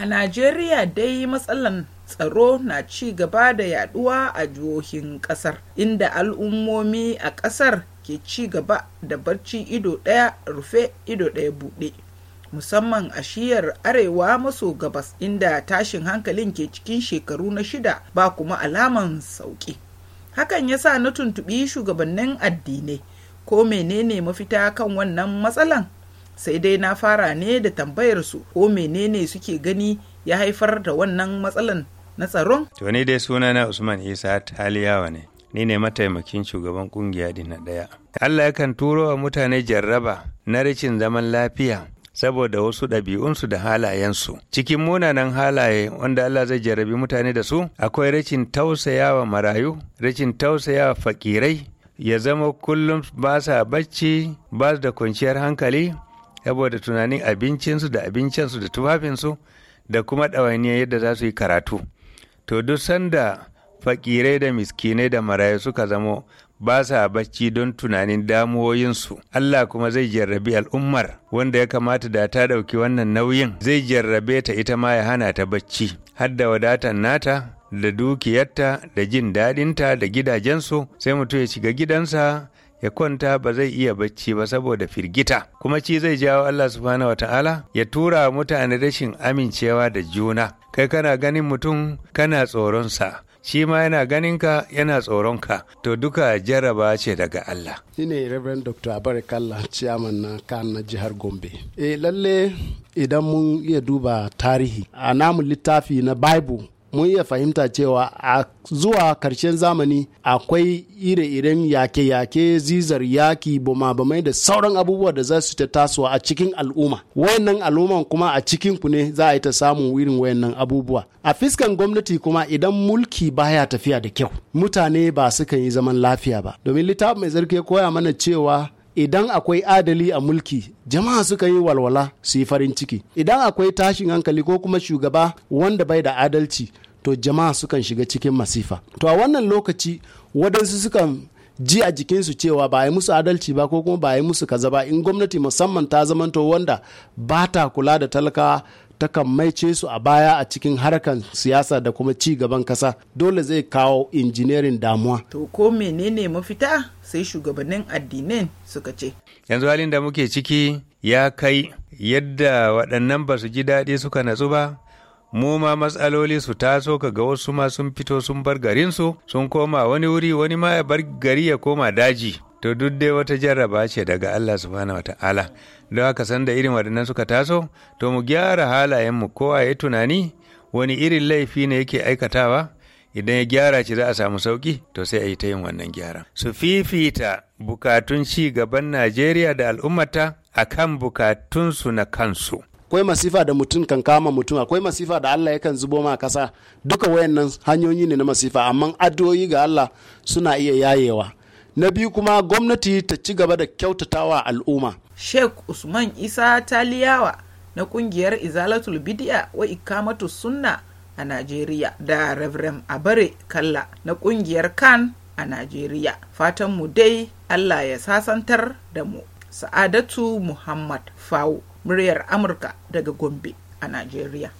A Najeriya dai matsalan tsaro na ci gaba da yaduwa a jihohin kasar, inda al'ummomi a kasar ke ci gaba da barci ido ɗaya rufe ido ɗaya buɗe. Musamman a shiyar arewa maso gabas inda tashin hankalin ke cikin shekaru na shida ba kuma alaman sauƙi. Hakan ya sa na tuntubi shugabannin addinai ko menene mafita kan wannan matsalan? sai dai na fara ne da tambayar su ko menene suke gani ya haifar da wannan matsalan na tsaron to ni dai na usman isa taliyawa ne ni ne mataimakin shugaban kungiya din ɗaya allah yakan turo wa mutane jarraba na rashin zaman lafiya saboda wasu ɗabi'unsu da halayensu cikin munanan halaye wanda Allah zai jarrabi mutane da su akwai rashin tausayawa marayu rashin tausayawa fakirai ya zama kullum ba sa bacci ba da kwanciyar hankali saboda tunanin abincinsu da abincinsu da tufafinsu da kuma ɗawainiyar yadda za su yi karatu to duk sanda fakirai da miskinai da marayu suka zamo ba sa bacci don tunanin damuwoyinsu Allah kuma zai jarrabi al'ummar wanda ya kamata da ta ɗauki wannan nauyin zai jarrabe ta ita ma ya hana ta bacci har da wadatar nata da dukiyarta da jin daɗinta da gidajensu sai mutum ya shiga gidansa ya kwanta ba zai iya bacci ba saboda firgita kuma ci zai jawo Allah subhanahu wataala ya tura mutane rashin amincewa da juna kai kana ganin mutum kana tsoronsa shi ma yana ganinka yana tsoronka to duka jaraba ce daga Allah. Ni ne Reverend Dr. Abarikalla ciyaman na kan na jihar Gombe. eh lalle idan mun iya duba tarihi a namun littafi na Bible mun iya fahimta cewa a zuwa karshen zamani akwai ire-iren yake-yake zizar yaki bama-bamai da sauran abubuwa da za su ta tasowa a cikin al'umma wayannan al'umman kuma a cikin ku ne za a yi ta samun wurin wayannan abubuwa a fiskan gwamnati kuma idan mulki baya tafiya da kyau mutane ba su kan yi zaman lafiya ba domin littafin mai zarke koya mana cewa idan akwai adali a mulki jama'a suka yi walwala su yi farin ciki idan akwai tashin hankali ko kuma shugaba wanda bai da adalci to jama'a sukan shiga cikin masifa to a wannan lokaci waɗansu sukan ji a jikinsu cewa ba yi musu adalci ba ko kuma ba yi musu kaza ba in gwamnati musamman ta zamanto wanda ba ta kula da talakawa takan maice su a baya a cikin harkan siyasa da kuma ci gaban kasa dole zai kawo injiniyarin damuwa to ko menene mafita sai shugabannin addinan suka ce yanzu halin da muke ciki ya kai yadda waɗannan ba su ji daɗi suka natsu ba mu ma matsaloli su taso ga wasu ma sun fito sun bar su sun koma wani wuri wani ma ya bar gari ya koma daji to duk dai wata jarraba ce daga Allah subhanahu wa don haka san da irin waɗannan suka taso to mu gyara halayenmu kowa ya tunani wani irin laifi ne yake aikatawa idan ya gyara shi za a samu sauki to sai a yi ta yin wannan gyara su fifita bukatun ci gaban najeriya da al'ummata a kan bukatunsu na kansu akwai masifa da mutum kan kama mutum akwai masifa da allah yakan zubo ma kasa duka wayannan hanyoyi ne na masifa amma addu'o'i ga allah suna iya yayewa na biyu kuma gwamnati ta ci gaba da kyautatawa al'umma sheikh usman isa taliyawa na kungiyar izalatul bidiya wa ikamatu sunna a najeriya da reverend abare kalla na kungiyar kan a najeriya fatan mu dai allah ya sasantar da mu sa'adatu muhammad fawo muryar amurka daga gombe a najeriya